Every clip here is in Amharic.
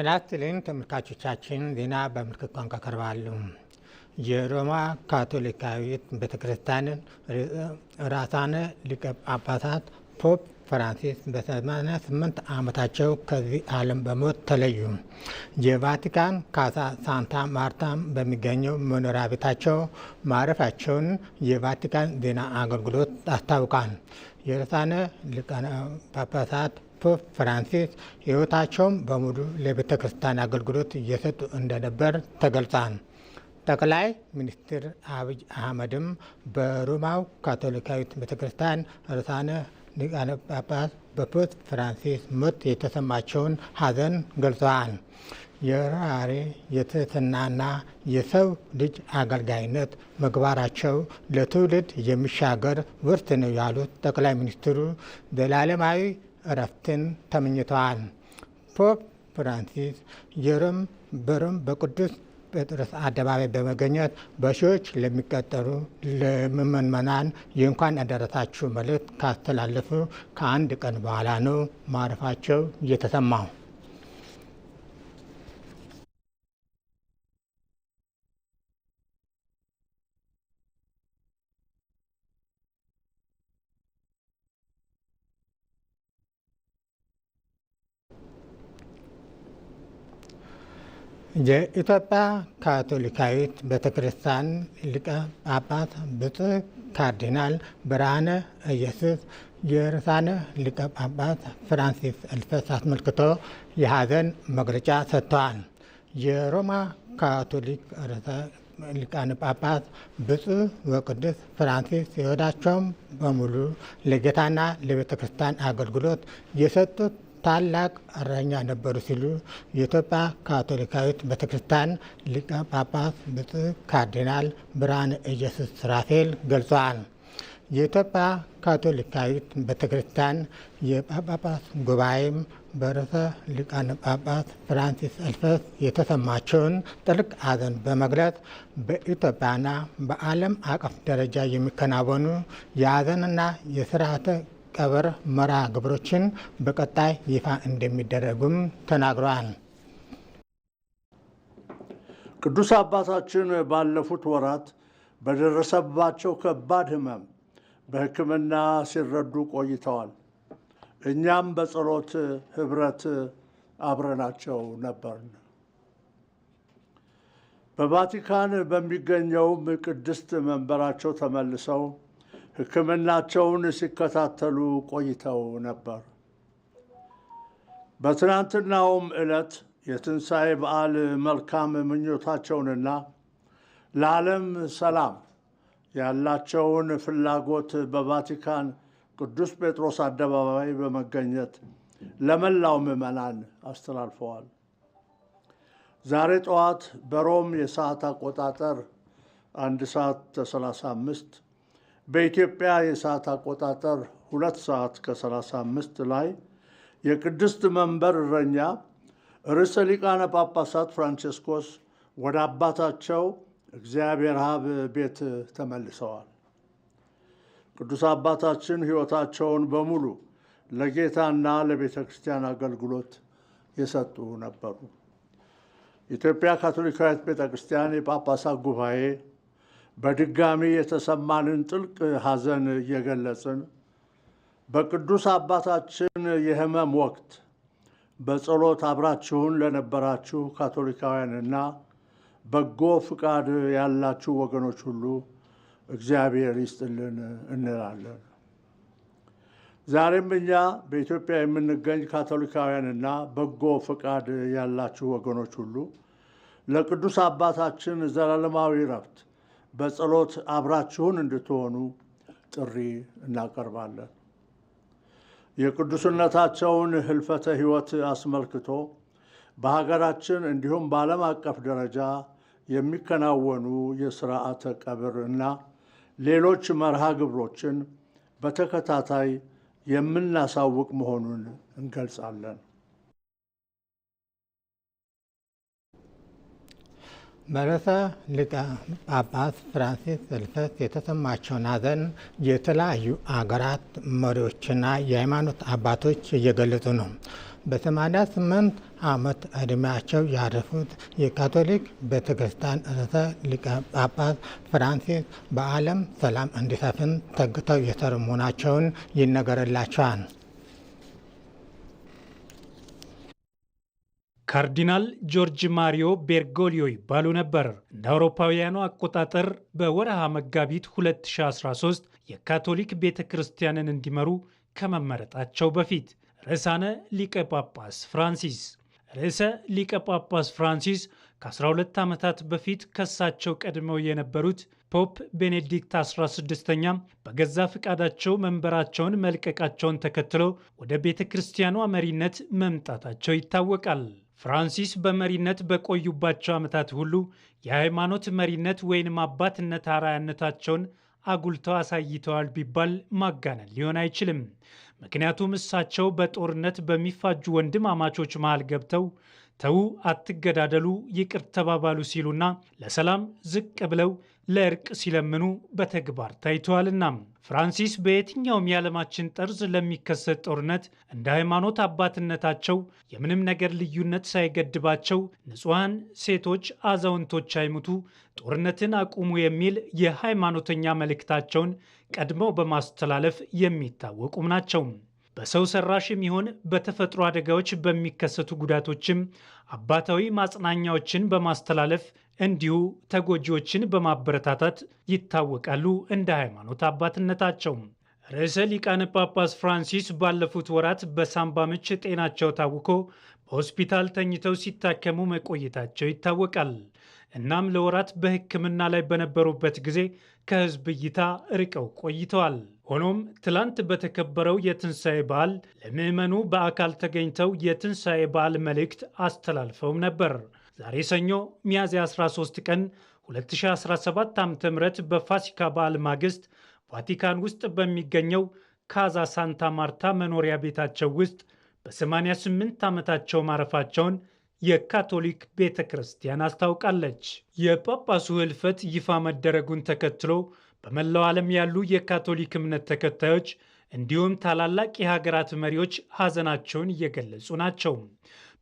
ጤና ይስጥልኝ ተመልካቾቻችን፣ ዜና በምልክት ቋንቋ ቀርባሉ። የሮማ ካቶሊካዊት ቤተ ራሳነ ርዕሳነ ሊቀ ጳጳሳት ፖፕ ፍራንሲስ በ88 ዓመታቸው ከዚህ ዓለም በሞት ተለዩ። የቫቲካን ካሳ ሳንታ ማርታ በሚገኘው መኖሪያ ቤታቸው ማረፋቸውን የቫቲካን ዜና አገልግሎት አስታውቋል። የርዕሳነ ሊቃነ ጳጳሳት ፖፕ ፍራንሲስ ሕይወታቸውም በሙሉ ለቤተ ክርስቲያን አገልግሎት እየሰጡ እንደነበር ተገልጿል። ጠቅላይ ሚኒስትር አብይ አህመድም በሮማው ካቶሊካዊት ቤተ ክርስቲያን ርዕሳነ ሊቃነ ጳጳስ በፖፕ ፍራንሲስ ሞት የተሰማቸውን ሐዘን ገልጸዋል። የራሬ የትህትናና የሰው ልጅ አገልጋይነት መግባራቸው ለትውልድ የሚሻገር ውርስ ነው ያሉት ጠቅላይ ሚኒስትሩ ዘላለማዊ እረፍትን ተመኝተዋል። ፖፕ ፍራንሲስ የሮም በሮም በቅዱስ ጴጥሮስ አደባባይ በመገኘት በሺዎች ለሚቀጠሩ ለምእመናን የእንኳን አደረሳችሁ መልእክት ካስተላለፉ ከአንድ ቀን በኋላ ነው ማረፋቸው የተሰማው። የኢትዮጵያ ካቶሊካዊት ቤተ ክርስቲያን ሊቀ ጳጳስ ብፁዕ ካርዲናል ብርሃነ ኢየሱስ የርዕሳነ ሊቀ ጳጳስ ፍራንሲስ እልፈስ አስመልክቶ የሐዘን መግለጫ ሰጥተዋል። የሮማ ካቶሊክ ርዕሰ ሊቃነ ጳጳስ ብፁዕ ወቅዱስ ፍራንሲስ ሕይወታቸውም በሙሉ ለጌታና ለቤተ ክርስቲያን አገልግሎት የሰጡት ታላቅ እረኛ ነበሩ ሲሉ የኢትዮጵያ ካቶሊካዊት ቤተክርስቲያን ሊቀ ጳጳስ ብፁዕ ካርዲናል ብርሃነ ኢየሱስ ራፌል ገልጸዋል። የኢትዮጵያ ካቶሊካዊት ቤተክርስቲያን የጳጳስ ጉባኤም በርዕሰ ሊቃነ ጳጳስ ፍራንሲስ አልፈስ የተሰማቸውን ጥልቅ ሐዘን በመግለጽ በኢትዮጵያና በዓለም አቀፍ ደረጃ የሚከናወኑ የሐዘንና የስርዓተ ቀብር መርሃ ግብሮችን በቀጣይ ይፋ እንደሚደረጉም ተናግረዋል። ቅዱስ አባታችን ባለፉት ወራት በደረሰባቸው ከባድ ሕመም በሕክምና ሲረዱ ቆይተዋል። እኛም በጸሎት ኅብረት አብረናቸው ነበር። በቫቲካን በሚገኘውም ቅድስት መንበራቸው ተመልሰው ሕክምናቸውን ሲከታተሉ ቆይተው ነበር። በትናንትናውም ዕለት የትንሣኤ በዓል መልካም ምኞታቸውንና ለዓለም ሰላም ያላቸውን ፍላጎት በቫቲካን ቅዱስ ጴጥሮስ አደባባይ በመገኘት ለመላው ምዕመናን አስተላልፈዋል። ዛሬ ጠዋት በሮም የሰዓት አቆጣጠር አንድ ሰዓት ከ35 በኢትዮጵያ የሰዓት አቆጣጠር ሁለት ሰዓት ከ35 ላይ የቅድስት መንበር እረኛ ርዕሰ ሊቃነ ጳጳሳት ፍራንቼስኮስ ወደ አባታቸው እግዚአብሔር ሀብ ቤት ተመልሰዋል። ቅዱስ አባታችን ሕይወታቸውን በሙሉ ለጌታና ለቤተ ክርስቲያን አገልግሎት የሰጡ ነበሩ። የኢትዮጵያ ካቶሊካዊት ቤተ ክርስቲያን የጳጳሳት ጉባኤ በድጋሚ የተሰማንን ጥልቅ ሐዘን እየገለጽን በቅዱስ አባታችን የሕመም ወቅት በጸሎት አብራችሁን ለነበራችሁ ካቶሊካውያንና በጎ ፍቃድ ያላችሁ ወገኖች ሁሉ እግዚአብሔር ይስጥልን እንላለን። ዛሬም እኛ በኢትዮጵያ የምንገኝ ካቶሊካውያንና በጎ ፍቃድ ያላችሁ ወገኖች ሁሉ ለቅዱስ አባታችን ዘላለማዊ ረፍት በጸሎት አብራችሁን እንድትሆኑ ጥሪ እናቀርባለን። የቅዱስነታቸውን ህልፈተ ሕይወት አስመልክቶ በሀገራችን እንዲሁም በዓለም አቀፍ ደረጃ የሚከናወኑ የሥርዓተ ቀብር እና ሌሎች መርሃ ግብሮችን በተከታታይ የምናሳውቅ መሆኑን እንገልጻለን። በርዕሰ ሊቀ ጳጳስ ፍራንሲስ ሕልፈት የተሰማቸውን ሐዘን የተለያዩ አገራት መሪዎችና የሃይማኖት አባቶች እየገለጹ ነው። በሰማኒያ ስምንት ዓመት ዕድሜያቸው ያረፉት የካቶሊክ ቤተ ክርስቲያን ርዕሰ ሊቀ ጳጳስ ፍራንሲስ በዓለም ሰላም እንዲሰፍን ተግተው የሰሩ መሆናቸውን ይነገርላቸዋል። ካርዲናል ጆርጅ ማሪዮ ቤርጎሊዮ ይባሉ ነበር። እንደ አውሮፓውያኑ አቆጣጠር በወረሃ መጋቢት 2013 የካቶሊክ ቤተ ክርስቲያንን እንዲመሩ ከመመረጣቸው በፊት ርዕሳነ ሊቀ ጳጳስ ፍራንሲስ ርዕሰ ሊቀ ጳጳስ ፍራንሲስ ከ12 ዓመታት በፊት ከሳቸው ቀድመው የነበሩት ፖፕ ቤኔዲክት 16ኛ በገዛ ፈቃዳቸው መንበራቸውን መልቀቃቸውን ተከትለው ወደ ቤተ ክርስቲያኗ መሪነት መምጣታቸው ይታወቃል። ፍራንሲስ በመሪነት በቆዩባቸው ዓመታት ሁሉ የሃይማኖት መሪነት ወይንም አባትነት አራያነታቸውን አጉልተው አሳይተዋል ቢባል ማጋነን ሊሆን አይችልም። ምክንያቱም እሳቸው በጦርነት በሚፋጁ ወንድማማቾች መሃል ገብተው ተዉ አትገዳደሉ፣ ይቅር ተባባሉ ሲሉና ለሰላም ዝቅ ብለው ለእርቅ ሲለምኑ በተግባር ታይተዋልና ፍራንሲስ በየትኛውም የዓለማችን ጠርዝ ለሚከሰት ጦርነት እንደ ሃይማኖት አባትነታቸው የምንም ነገር ልዩነት ሳይገድባቸው ንጹሐን ሴቶች፣ አዛውንቶች አይሙቱ፣ ጦርነትን አቁሙ የሚል የሃይማኖተኛ መልእክታቸውን ቀድመው በማስተላለፍ የሚታወቁም ናቸው። በሰው ሰራሽ የሚሆን በተፈጥሮ አደጋዎች በሚከሰቱ ጉዳቶችም አባታዊ ማጽናኛዎችን በማስተላለፍ እንዲሁ ተጎጂዎችን በማበረታታት ይታወቃሉ እንደ ሃይማኖት አባትነታቸውም ርዕሰ ሊቃነ ጳጳስ ፍራንሲስ ባለፉት ወራት በሳምባ ምች ጤናቸው ታውኮ በሆስፒታል ተኝተው ሲታከሙ መቆየታቸው ይታወቃል። እናም ለወራት በሕክምና ላይ በነበሩበት ጊዜ ከሕዝብ እይታ ርቀው ቆይተዋል። ሆኖም ትላንት በተከበረው የትንሣኤ በዓል ለምዕመኑ በአካል ተገኝተው የትንሣኤ በዓል መልእክት አስተላልፈውም ነበር። ዛሬ ሰኞ ሚያዝያ 13 ቀን 2017 ዓ.ም በፋሲካ በዓል ማግስት ቫቲካን ውስጥ በሚገኘው ካዛ ሳንታ ማርታ መኖሪያ ቤታቸው ውስጥ በ88 ዓመታቸው ማረፋቸውን የካቶሊክ ቤተ ክርስቲያን አስታውቃለች። የጳጳሱ ህልፈት ይፋ መደረጉን ተከትሎ በመላው ዓለም ያሉ የካቶሊክ እምነት ተከታዮች እንዲሁም ታላላቅ የሀገራት መሪዎች ሐዘናቸውን እየገለጹ ናቸው።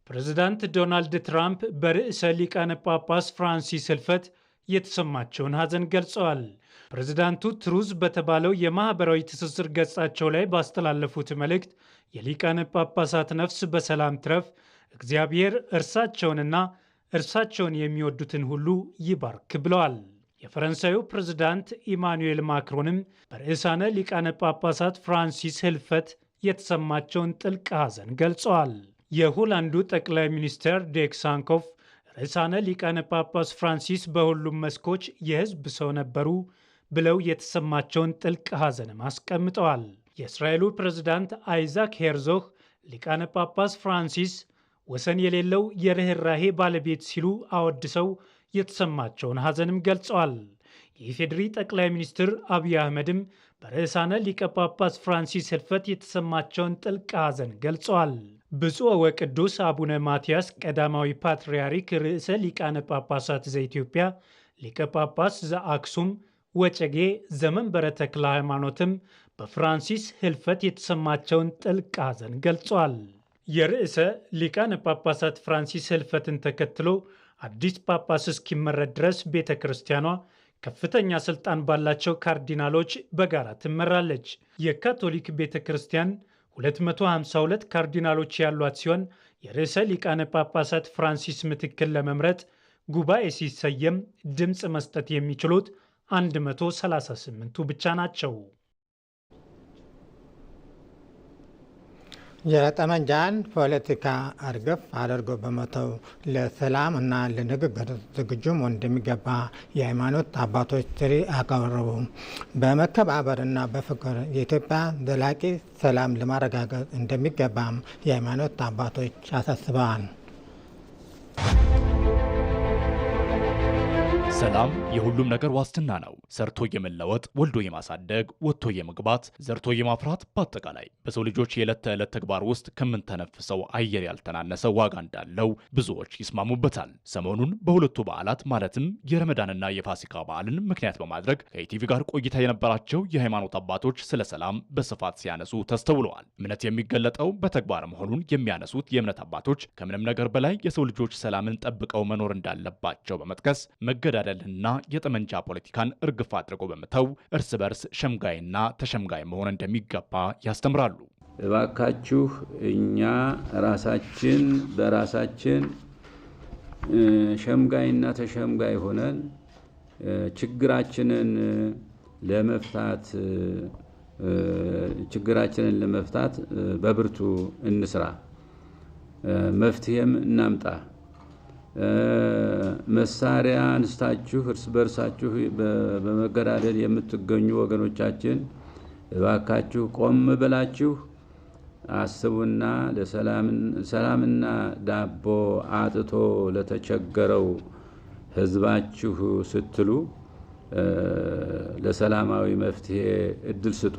ፕሬዚዳንት ዶናልድ ትራምፕ በርዕሰ ሊቃነ ጳጳስ ፍራንሲስ ህልፈት የተሰማቸውን ሐዘን ገልጸዋል። ፕሬዚዳንቱ ትሩዝ በተባለው የማኅበራዊ ትስስር ገጻቸው ላይ ባስተላለፉት መልእክት የሊቃነ ጳጳሳት ነፍስ በሰላም ትረፍ፣ እግዚአብሔር እርሳቸውንና እርሳቸውን የሚወዱትን ሁሉ ይባርክ ብለዋል። የፈረንሳዩ ፕሬዝዳንት ኢማኑኤል ማክሮንም በርዕሳነ ሊቃነ ጳጳሳት ፍራንሲስ ህልፈት የተሰማቸውን ጥልቅ ሐዘን ገልጸዋል። የሆላንዱ ጠቅላይ ሚኒስትር ዴክ ሳንኮፍ ርዕሳነ ሊቃነ ጳጳስ ፍራንሲስ በሁሉም መስኮች የሕዝብ ሰው ነበሩ ብለው የተሰማቸውን ጥልቅ ሐዘንም አስቀምጠዋል። የእስራኤሉ ፕሬዝዳንት አይዛክ ሄርዞህ ሊቃነ ጳጳስ ፍራንሲስ ወሰን የሌለው የርኅራሄ ባለቤት ሲሉ አወድሰው የተሰማቸውን ሐዘንም ገልጸዋል። የኢፌዴሪ ጠቅላይ ሚኒስትር አብይ አህመድም በርዕሳነ ሊቀ ጳጳስ ፍራንሲስ ህልፈት የተሰማቸውን ጥልቅ ሐዘን ገልጸዋል። ብፁዕ ወቅዱስ አቡነ ማትያስ ቀዳማዊ ፓትርያርክ ርዕሰ ሊቃነ ጳጳሳት ዘኢትዮጵያ ሊቀ ጳጳስ ዘአክሱም ወጨጌ ዘመንበረ ተክለ ሃይማኖትም በፍራንሲስ ህልፈት የተሰማቸውን ጥልቅ ሐዘን ገልጿል። የርዕሰ ሊቃነ ጳጳሳት ፍራንሲስ ህልፈትን ተከትሎ አዲስ ጳጳስ እስኪመረጥ ድረስ ቤተ ክርስቲያኗ ከፍተኛ ስልጣን ባላቸው ካርዲናሎች በጋራ ትመራለች። የካቶሊክ ቤተ ክርስቲያን 252 ካርዲናሎች ያሏት ሲሆን የርዕሰ ሊቃነ ጳጳሳት ፍራንሲስ ምትክል ለመምረጥ ጉባኤ ሲሰየም ድምፅ መስጠት የሚችሉት 138ቱ ብቻ ናቸው። የጠመንጃን ፖለቲካ አርገፍ አድርጎ በመተው ለሰላም እና ለንግግር ዝግጁም እንደሚገባ የሃይማኖት አባቶች ጥሪ አቀረቡ። እና በፍቅር የኢትዮጵያ ዘላቂ ሰላም ለማረጋገጥ እንደሚገባም የሃይማኖት አባቶች አሳስበዋል። ሰላም የሁሉም ነገር ዋስትና ነው። ሰርቶ የመለወጥ፣ ወልዶ የማሳደግ፣ ወጥቶ የመግባት፣ ዘርቶ የማፍራት፣ በአጠቃላይ በሰው ልጆች የዕለት ተዕለት ተግባር ውስጥ ከምንተነፍሰው አየር ያልተናነሰ ዋጋ እንዳለው ብዙዎች ይስማሙበታል። ሰሞኑን በሁለቱ በዓላት ማለትም የረመዳንና የፋሲካ በዓልን ምክንያት በማድረግ ከኢቲቪ ጋር ቆይታ የነበራቸው የሃይማኖት አባቶች ስለ ሰላም በስፋት ሲያነሱ ተስተውለዋል። እምነት የሚገለጠው በተግባር መሆኑን የሚያነሱት የእምነት አባቶች ከምንም ነገር በላይ የሰው ልጆች ሰላምን ጠብቀው መኖር እንዳለባቸው በመጥቀስ መገዳ መገዳደልና የጠመንጃ ፖለቲካን እርግፍ አድርጎ በመተው እርስ በርስ ሸምጋይና ተሸምጋይ መሆን እንደሚገባ ያስተምራሉ። እባካችሁ እኛ ራሳችን በራሳችን ሸምጋይና ተሸምጋይ ሆነን ችግራችንን ለመፍታት ችግራችንን ለመፍታት በብርቱ እንስራ፣ መፍትሄም እናምጣ። መሳሪያ አንስታችሁ እርስ በርሳችሁ በመገዳደል የምትገኙ ወገኖቻችን እባካችሁ ቆም ብላችሁ አስቡና ሰላምና ዳቦ አጥቶ ለተቸገረው ሕዝባችሁ ስትሉ ለሰላማዊ መፍትሄ እድል ስጡ።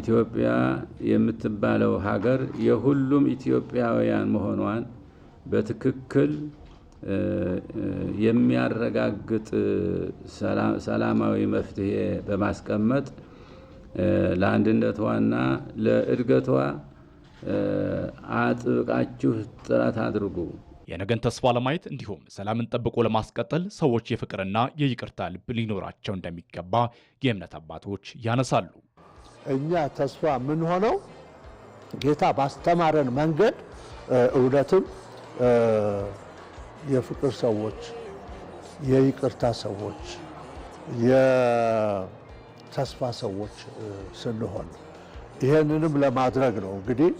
ኢትዮጵያ የምትባለው ሀገር የሁሉም ኢትዮጵያውያን መሆኗን በትክክል የሚያረጋግጥ ሰላማዊ መፍትሄ በማስቀመጥ ለአንድነቷና ለእድገቷ አጥብቃችሁ ጥረት አድርጉ። የነገን ተስፋ ለማየት እንዲሁም ሰላምን ጠብቆ ለማስቀጠል ሰዎች የፍቅርና የይቅርታ ልብ ሊኖራቸው እንደሚገባ የእምነት አባቶች ያነሳሉ። እኛ ተስፋ ሆነው ጌታ ባስተማረን መንገድ እውነትም የፍቅር ሰዎች፣ የይቅርታ ሰዎች፣ የተስፋ ሰዎች ስንሆን ይህንንም ለማድረግ ነው እንግዲህ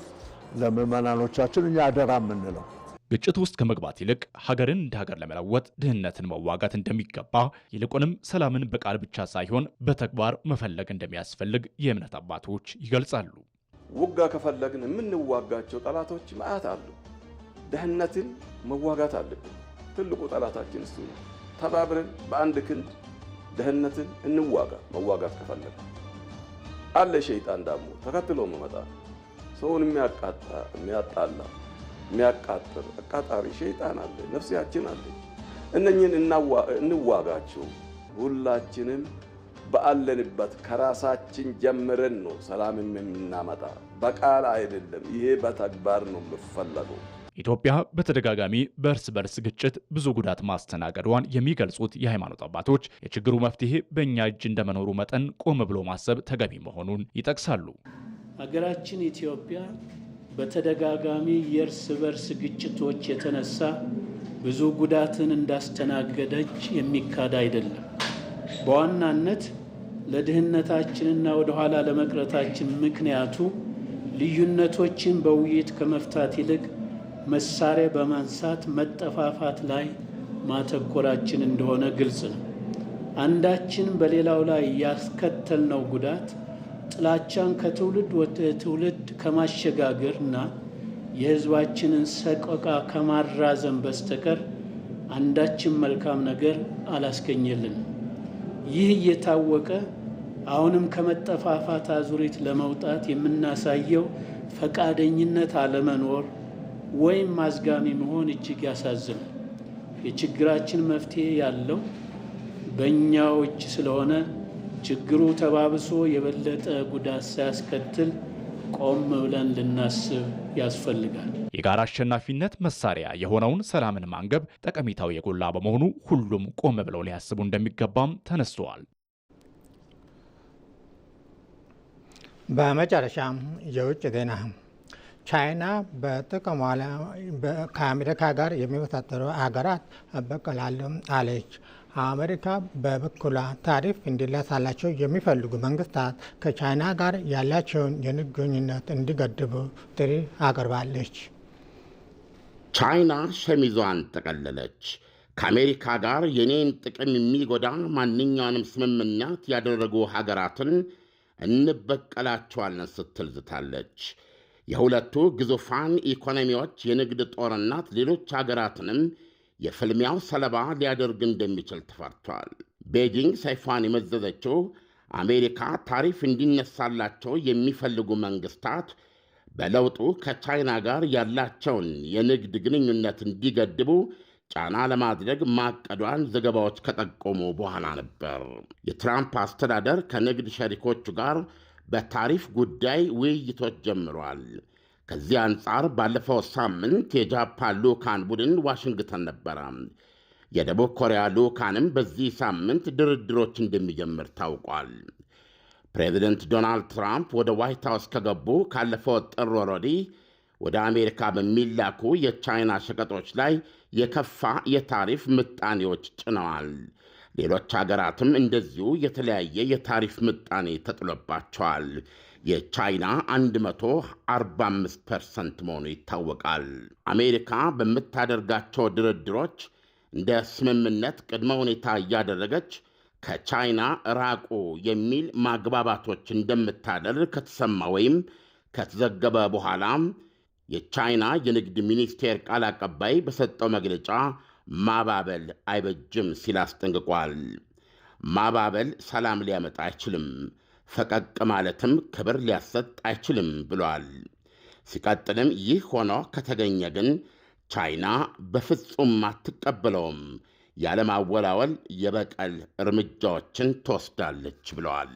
ለምዕመናኖቻችን እኛ አደራ የምንለው። ግጭት ውስጥ ከመግባት ይልቅ ሀገርን እንደ ሀገር ለመለወጥ ድህነትን መዋጋት እንደሚገባ ይልቁንም ሰላምን በቃል ብቻ ሳይሆን በተግባር መፈለግ እንደሚያስፈልግ የእምነት አባቶች ይገልጻሉ። ውጋ ከፈለግን የምንዋጋቸው ጠላቶች መዓት አሉ። ደህንነትን መዋጋት አለብን። ትልቁ ጠላታችን እሱ ነው። ተባብረን በአንድ ክንድ ደህንነትን እንዋጋ። መዋጋት ከፈለገ አለ ሸይጣን ዳሞ ተከትሎ መመጣ ሰውን የሚያቃጣ የሚያጣላ የሚያቃጥር አቃጣሪ ሸይጣን አለ፣ ነፍሲያችን አለች። እነኝን እንዋጋቸው። ሁላችንም በአለንበት ከራሳችን ጀምረን ነው ሰላምም የምናመጣ። በቃል አይደለም፣ ይሄ በተግባር ነው የምፈለገው። ኢትዮጵያ በተደጋጋሚ በእርስ በርስ ግጭት ብዙ ጉዳት ማስተናገዷን የሚገልጹት የሃይማኖት አባቶች የችግሩ መፍትሄ በእኛ እጅ እንደመኖሩ መጠን ቆም ብሎ ማሰብ ተገቢ መሆኑን ይጠቅሳሉ። ሀገራችን ኢትዮጵያ በተደጋጋሚ የእርስ በርስ ግጭቶች የተነሳ ብዙ ጉዳትን እንዳስተናገደች የሚካድ አይደለም። በዋናነት ለድህነታችንና ወደኋላ ለመቅረታችን ምክንያቱ ልዩነቶችን በውይይት ከመፍታት ይልቅ መሳሪያ በማንሳት መጠፋፋት ላይ ማተኮራችን እንደሆነ ግልጽ ነው። አንዳችን በሌላው ላይ ያስከተልነው ጉዳት ጥላቻን ከትውልድ ወደ ትውልድ ከማሸጋገር እና የሕዝባችንን ሰቆቃ ከማራዘም በስተቀር አንዳችን መልካም ነገር አላስገኘልንም። ይህ እየታወቀ አሁንም ከመጠፋፋት አዙሪት ለመውጣት የምናሳየው ፈቃደኝነት አለመኖር ወይም አዝጋሚ መሆን እጅግ ያሳዝናል። የችግራችን መፍትሄ ያለው በእኛው እጅ ስለሆነ ችግሩ ተባብሶ የበለጠ ጉዳት ሳያስከትል ቆም ብለን ልናስብ ያስፈልጋል። የጋራ አሸናፊነት መሳሪያ የሆነውን ሰላምን ማንገብ ጠቀሜታው የጎላ በመሆኑ ሁሉም ቆም ብለው ሊያስቡ እንደሚገባም ተነስተዋል። በመጨረሻም የውጭ ዜና ቻይና በጥቅሟ ከአሜሪካ ጋር የሚወታደሩ ሀገራት እበቀላለሁ አለች። አሜሪካ በበኩሏ ታሪፍ እንዲላሳላቸው የሚፈልጉ መንግስታት ከቻይና ጋር ያላቸውን የንግድ ግንኙነት እንዲገድቡ ጥሪ አቅርባለች። ቻይና ሸሚዟን ጠቀለለች። ከአሜሪካ ጋር የኔን ጥቅም የሚጎዳ ማንኛውንም ስምምነት ያደረጉ ሀገራትን እንበቀላቸዋለን ስትል ዝታለች። የሁለቱ ግዙፋን ኢኮኖሚዎች የንግድ ጦርነት ሌሎች አገራትንም የፍልሚያው ሰለባ ሊያደርግ እንደሚችል ተፈርቷል። ቤጂንግ ሰይፏን የመዘዘችው አሜሪካ ታሪፍ እንዲነሳላቸው የሚፈልጉ መንግስታት በለውጡ ከቻይና ጋር ያላቸውን የንግድ ግንኙነት እንዲገድቡ ጫና ለማድረግ ማቀዷን ዘገባዎች ከጠቆሙ በኋላ ነበር። የትራምፕ አስተዳደር ከንግድ ሸሪኮቹ ጋር በታሪፍ ጉዳይ ውይይቶች ጀምረዋል። ከዚህ አንጻር ባለፈው ሳምንት የጃፓን ልዑካን ቡድን ዋሽንግተን ነበረ። የደቡብ ኮሪያ ልዑካንም በዚህ ሳምንት ድርድሮች እንደሚጀምር ታውቋል። ፕሬዚደንት ዶናልድ ትራምፕ ወደ ዋይት ሃውስ ከገቡ ካለፈው ጥር ወዲህ ወደ አሜሪካ በሚላኩ የቻይና ሸቀጦች ላይ የከፋ የታሪፍ ምጣኔዎች ጭነዋል። ሌሎች ሀገራትም እንደዚሁ የተለያየ የታሪፍ ምጣኔ ተጥሎባቸዋል። የቻይና 145 ፐርሰንት መሆኑ ይታወቃል። አሜሪካ በምታደርጋቸው ድርድሮች እንደ ስምምነት ቅድመ ሁኔታ እያደረገች ከቻይና ራቁ የሚል ማግባባቶች እንደምታደርግ ከተሰማ ወይም ከተዘገበ በኋላ የቻይና የንግድ ሚኒስቴር ቃል አቀባይ በሰጠው መግለጫ ማባበል አይበጅም ሲል አስጠንቅቋል። ማባበል ሰላም ሊያመጣ አይችልም፣ ፈቀቅ ማለትም ክብር ሊያሰጥ አይችልም ብሏል። ሲቀጥልም ይህ ሆኖ ከተገኘ ግን ቻይና በፍጹም አትቀበለውም፣ ያለማወላወል የበቀል እርምጃዎችን ትወስዳለች ብለዋል።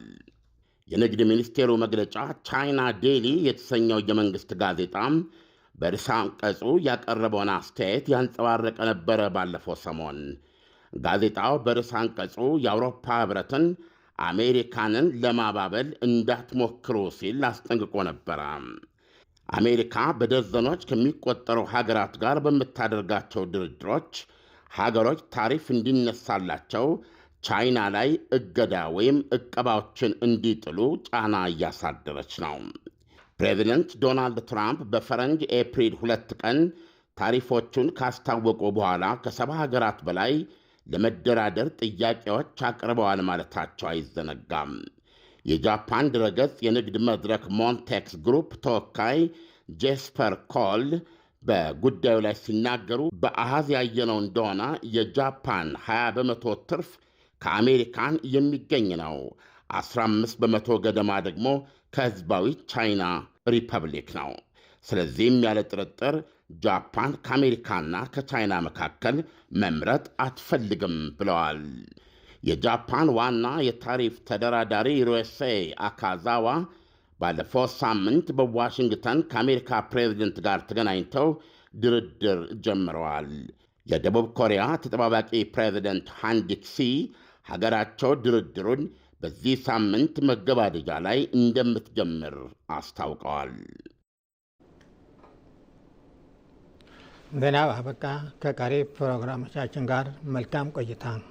የንግድ ሚኒስቴሩ መግለጫ ቻይና ዴሊ የተሰኘው የመንግሥት ጋዜጣ በርዕሰ አንቀጹ ያቀረበውን አስተያየት ያንጸባረቀ ነበረ። ባለፈው ሰሞን ጋዜጣው በርዕሰ አንቀጹ የአውሮፓ ኅብረትን አሜሪካንን ለማባበል እንዳትሞክሩ ሲል አስጠንቅቆ ነበረ። አሜሪካ በደዘኖች ከሚቆጠሩ ሀገራት ጋር በምታደርጋቸው ድርድሮች ሀገሮች ታሪፍ እንዲነሳላቸው ቻይና ላይ እገዳ ወይም እቀባዎችን እንዲጥሉ ጫና እያሳደረች ነው። ፕሬዚደንት ዶናልድ ትራምፕ በፈረንጅ ኤፕሪል ሁለት ቀን ታሪፎቹን ካስታወቁ በኋላ ከሰባ ሀገራት በላይ ለመደራደር ጥያቄዎች አቅርበዋል ማለታቸው አይዘነጋም። የጃፓን ድረገጽ የንግድ መድረክ ሞንቴክስ ግሩፕ ተወካይ ጄስፐር ኮል በጉዳዩ ላይ ሲናገሩ በአሃዝ ያየነው እንደሆነ የጃፓን 20 በመቶ ትርፍ ከአሜሪካን የሚገኝ ነው። 15 በመቶ ገደማ ደግሞ ከህዝባዊ ቻይና ሪፐብሊክ ነው። ስለዚህም ያለ ጥርጥር ጃፓን ከአሜሪካና ከቻይና መካከል መምረጥ አትፈልግም ብለዋል። የጃፓን ዋና የታሪፍ ተደራዳሪ ሮሴ አካዛዋ ባለፈው ሳምንት በዋሽንግተን ከአሜሪካ ፕሬዝደንት ጋር ተገናኝተው ድርድር ጀምረዋል። የደቡብ ኮሪያ ተጠባባቂ ፕሬዝደንት ሃንዲክሲ ሀገራቸው ድርድሩን በዚህ ሳምንት መገባደጃ ላይ እንደምትጀምር አስታውቀዋል። ዜና አበቃ። ከቀሪ ፕሮግራሞቻችን ጋር መልካም ቆይታ ነው።